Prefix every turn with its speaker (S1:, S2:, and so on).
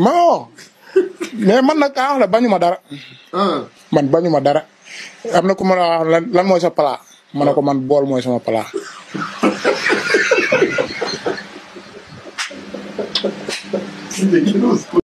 S1: non mais man nag ah la ma dara. Ah. man bañu ma dara. am na ku ma lan lan mooy sa plat. ma ne ko man bool mooy sama palaa